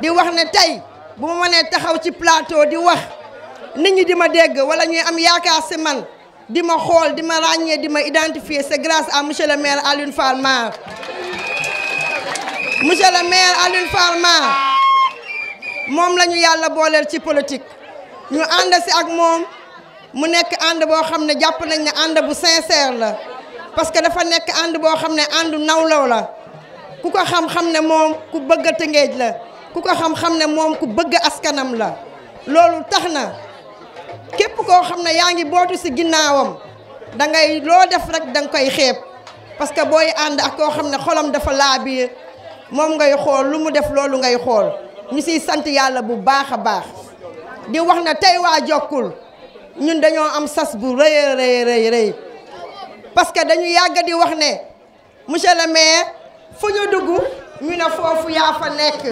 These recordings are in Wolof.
di wax ne tey bu ma mënee taxaw ci plateau di wax nit ñi di ma dégg wala ñuy am yaakaar si man di ma xool di ma ràññee di ma identifier c'est grace à monsieur le maire à Fall Mar monsieur le maire Alioune Fall moom la ñu yàlla booleel ci politique ñu ànd si ak moom mu nekk ànd boo xam ne jàpp nañ ne ànd bu sincère la parce que dafa nekk ànd boo xam ne àndu nawlaw la ku ko xam-xam ne moom ku bëgga a Tëngéej la ku ko xam-xam ne moom ku bëgg askanam la loolu tax na képp koo xam ne yaa ngi bootu si ginnaawam da ngay loo def rek da nga koy xeeb parce que booy ànd ak koo xam ne xolam dafa laa biir moom ngay xool lu mu def loolu ngay xool ñu siy sant yàlla bu baax a baax di wax ne tey waa jokkul ñun dañoo am sas bu rëy rëy rëy parce que dañu yàgg di wax ne monsieur le maire fu ñu dugg ñu ne foofu yaa fa nekk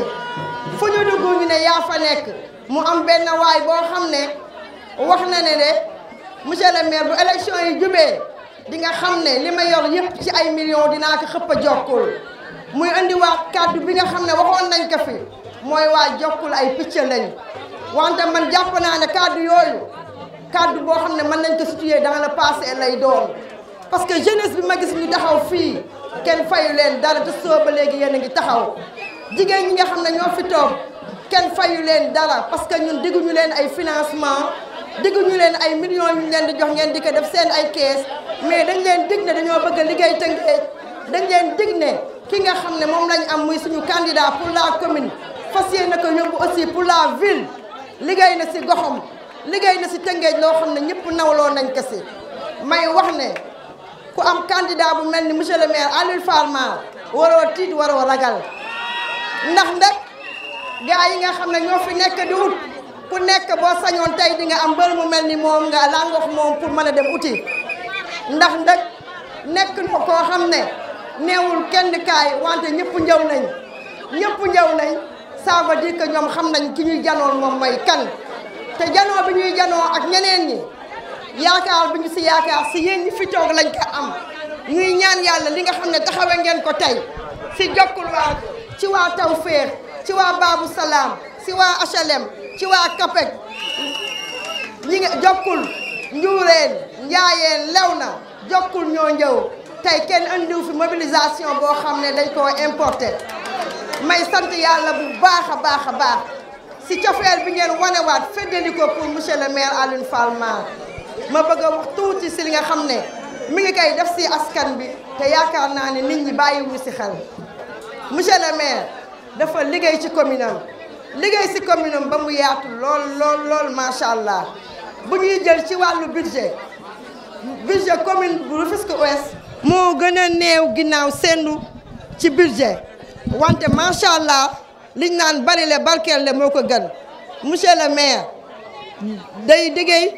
fu ñu dugg ñu ne yaa fa nekk mu am benn waay boo xam ne wax na ne de monsieur le maire bu élection yi jubee di nga xam ne li ma yor yëpp ci ay millions dinaa ko xëpp a jokkul muy indiwaat kàddu bi nga xam ne waxoon nañ ko fi mooy waa jokkul ay picc lañ wante man jàpp naa ne kàddu yooyu kàddu boo xam ne mën nañ ko situer dans le passé lay doon parce que jeunesse bi ma gis ñu taxaw fii kenn fayu leen dara te soo ba léegi yéen a ngi taxaw jigéen ñi nga xam ne ñoo fi toog kenn fayu leen dara parce que ñun digguñu leen ay financement digguñu leen ay millions ñu leen di jox ngeen di ko def seen ay kees mais dañ leen dig ne dañoo bëgg a liggéey Tëngéej dañ leen dig ne ki nga xam ne moom lañ am muy suñu candidat pour la commune fas yéene ko yóbbu aussi pour la ville liggéey na si goxam liggéey na si Tëngéej loo xam ne ñëpp nawloo nañ ko si may wax ne ku am candidat bu mel ni monsieur le maire Alioune Fall Mar waroo tiit waroo ragal ndax nag gars yi nga xam ne ñoo fi nekk di ku nekk boo sañoon tey di nga am mbër mu mel ni moom nga làngox moom pour mën a dem uti ndax nag nekk na ko xam ne neewul kenn kaay wante ñëpp njaw nañ ñëpp njaw nañ ça veut dire ñoom xam nañ ki ñuy janoon moom mooy kan te janoo bi ñuy janoo ak ñeneen ñi yaakaar bi ñu si yaakaar si yéen ñi fi toog lañ ko am ñuy ñaan yàlla li nga xam ne taxawe ngeen ko tey si jokkul waaju ci waa Tawféex ci waa Babou salaam ci waa aselem ci waa Kapek ñi nga jokkul njuureen njaayeen lew na jokkul ñoo njëw tey kenn andiw fi mobilisation boo xam ne dañ koo importé may sant yàlla bu baax a baax a baax si cofeel bi ngeen wanewaat feddali ko pour monsieur le maire Alioune Fall ma bëgg a wax tuuti si li nga xam ne mu ngi kay def si askan bi te yaakaar naa ne nit ñi bàyyiwu si xel monsieur le maire dafa liggéey ci commune am si commune am ba mu yaatu lool lool lool macha allah bu ñuy jël ci wàllu budget budget commune bu ko Ouest moo gën a néew ginnaaw sendu ci budget wante macha allah liñ naan bari le barkeel le moo ko gën monsieur le maire day liggéey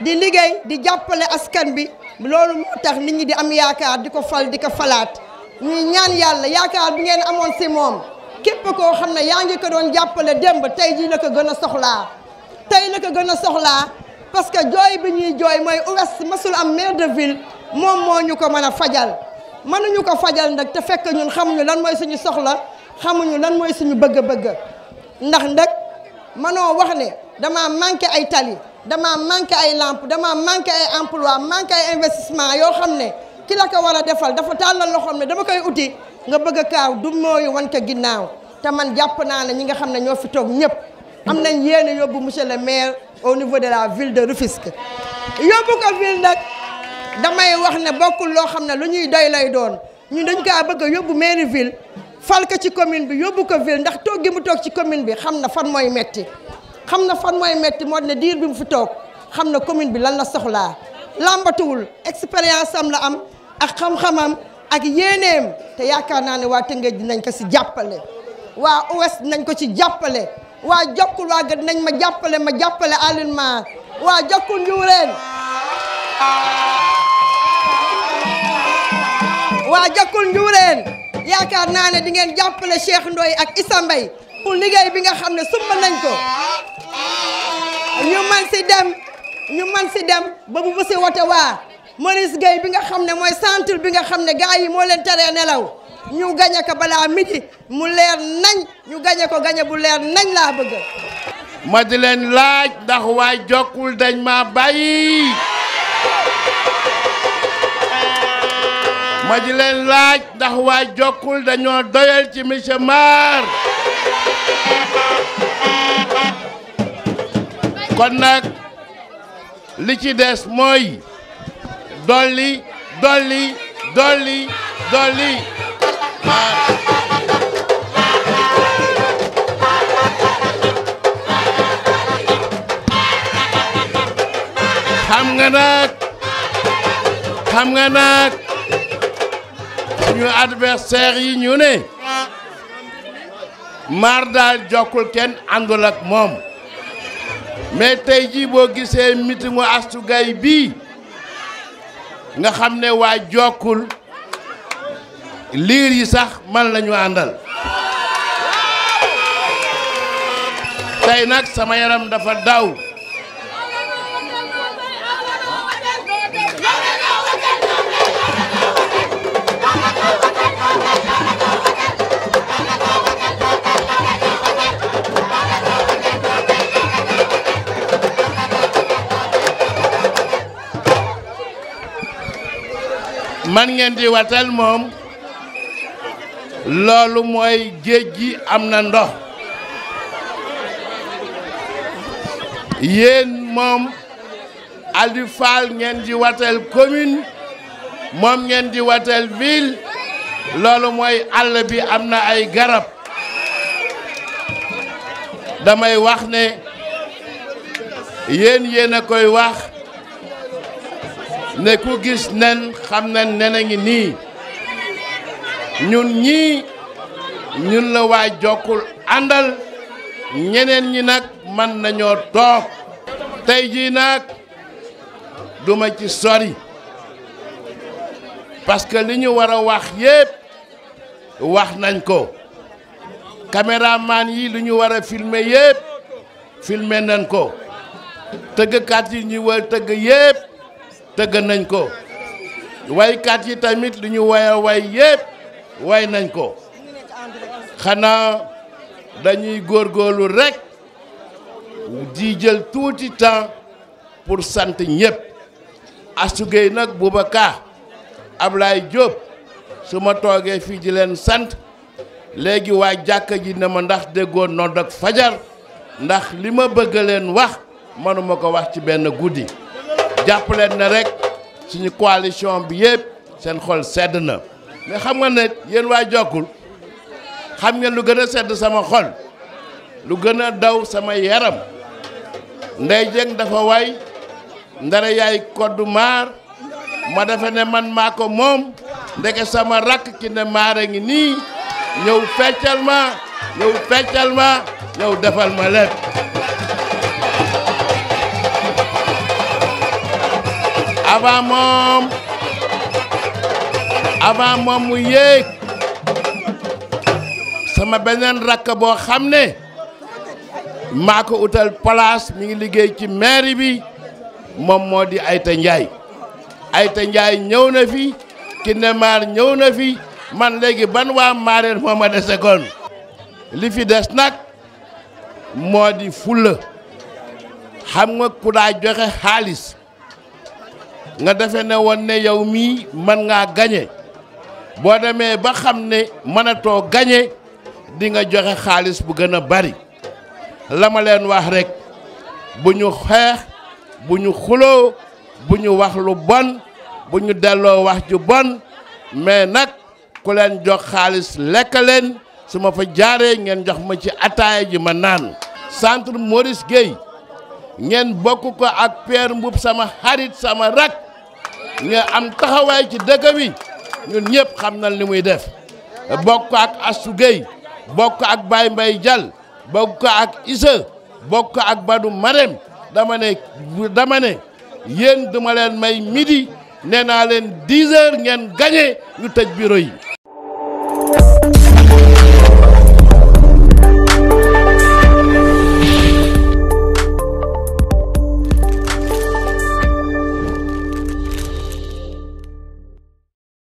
di liggéey di jàppale askan bi loolu moo tax nit ñi di am yaakaar di ko fal di ko falaat ñuy ñaan yàlla yaakaar bi ngeen amoon si moom képp koo xam ne yaa ngi ko doon jàppale démb tey jii la ko gën a soxlaa tey la ko gën a soxlaa parce que jooy bi ñuy jooy mooy ouest masul am maire de ville moom moo ñu ko mën a fajal mënuñu ko fajal nag te fekk ñun xamuñu lan mooy suñu soxla xamuñu lan mooy suñu bëgg-bëgg ndax nag mënoo wax ne damaa manqué ay tali damaa manqué ay lampe damaa manqué ay emploi manqué ay investissement yoo xam ne ki la ko war a defal dafa tàllal loxoom ne dama koy uti nga bëgg a kaaw du mooyu wan ko ginnaaw te man jàpp naa ne ñi nga xam ne ñoo fi toog ñëpp am nañ yéene yóbbu monsieur le maire au niveau de la ville de Rufisque yóbbu ko ville nag damay wax ne bokkul loo xam ne lu ñuy doy lay doon ñu dañ kaa bëgg a yóbbu mairie ville fal ci commune bi yóbbu ko ville ndax toog gi mu toog ci commune bi xam na fan mooy metti xam na fan mooy metti moo ne diir bi mu fi toog xam na commune bi lan la soxlaa làmbatuwul expérience am la am ak xam-xamam ak yeneem te yaakaar naa ne waa Tëngéej nañ ko ci jàppale waa Ouest nañ ko ci jàppale waa jokkul waa nañ ma jàppale ma jàppale Alioune Mar waa jokkul njuureen waa jokkul njuureen yaakaar naa ne di jàppale Cheikh Ndoye ak Issa Mbaye pour liggéey bi nga xam ne sumb nañ ko ñu man si dem ñu man si dem ba bu bu si wote waa Maurice Gueye bi nga xam ne mooy centre bi nga xam ne gars yi moo leen teree nelaw ñu gañe ko balaa midi mu leer nañ ñu gañe ko gañe bu leer nañ laa bëgg ma di leen laaj ndax waay jokkul dañ ma leen laaj ndax waay dañoo doyal ci monsieur Mar kon nag li ci des mooy dolli dolli dolli dolli xam nga nag xam nga nag suñu adversaire yi ñu ne maar daal jokkul kenn àndul ak moom mais tey jii boo gisee meetingu Astou Gaye bii nga xam ne waa jokkul liir yi sax man lañu àndal tey nag sama yaram dafa daw man ngeen di watal moom loolu mooy géej gi am na ndox yéen moom Aliou Fall ngeen di watal komin moom ngeen di watal ville loolu mooy àll bi am na ay garab damay wax ne yéen yéen a koy wax ne ku gis nen xam na nen ngi nii ñun ñii ñun la waa jokkul àndal ñeneen ñi nag mën nañoo toog tey jii nag duma ci sori parce que li ñu war a wax yépp wax nañ ko caméraman yi li ñu war a filmer yépp filmer nañ ko tëggkat yi ñu war tëgg yépp tëgg nañ ko waykat yi tamit lu ñu waya way yépp way nañ ko xanaa dañuy góor góorgóorlu rekk di jël tuuti temps pour sant ñépp Astou Gueye nag Boubacar Ablaye Diop su ma toogee fii di leen sant léegi waa jàkka ji ne ma ndax déggoo nodd ak fajar ndax li ma bëgg a leen wax mënuma ko wax ci benn guddi jàpp leen ne rek suñu coalition bi yëpp seen xol sedd na mais xam nga ne yéen waa Jokkul xam ngeen lu gën a sedd sama xol lu gën a daw sama yaram Ndeye Dieng dafa way ndara yaay kodd maar ma defe ne man maa ko moom ndeke sama rakk ki ne maare ngi nii ñëw feccal ma ñëw feccal ma ñëw defal ma lépp avant moom avant moom mu yéeg sama beneen rakk boo xam ne maa ko utal palaas mi ngi liggéey ci mairie bi moom moo di Ayta Ndiaye Ayta Ndiaye ñëw na fi Kindemar ñëw na fi man léegi ban waa Mareen moo ma dese kon li fi des nag moo di fulla xam nga ku daa joxe xaalis nga defe ne woon ne yow mii man ngaa gañe boo demee ba xam ne mënatoo gañe di nga joxe xaalis bu gën a bari la ma leen wax rekk bu ñu xeex bu ñu xuloo bu ñu wax lu bon bu ñu delloo wax ju bon mais nag ku leen jox xaalis lekk leen su ma fa jaaree ngeen jox ma ci ataaya ji ma naan centre Maurice Guèye ngeen bokk ko ak Père Mboup sama xarit sama rak nga am taxawaay ci dëkk ñun ñëpp xam nañ li muy def bokk ak Astou Gueye bokk ak Baye Mbaye Diall bokk ak Issa bokk ak Badou marem damane damane dama ne yéen duma leen may midi nee naa leen 10 heures ngeen gagné ñu tëj biro yi.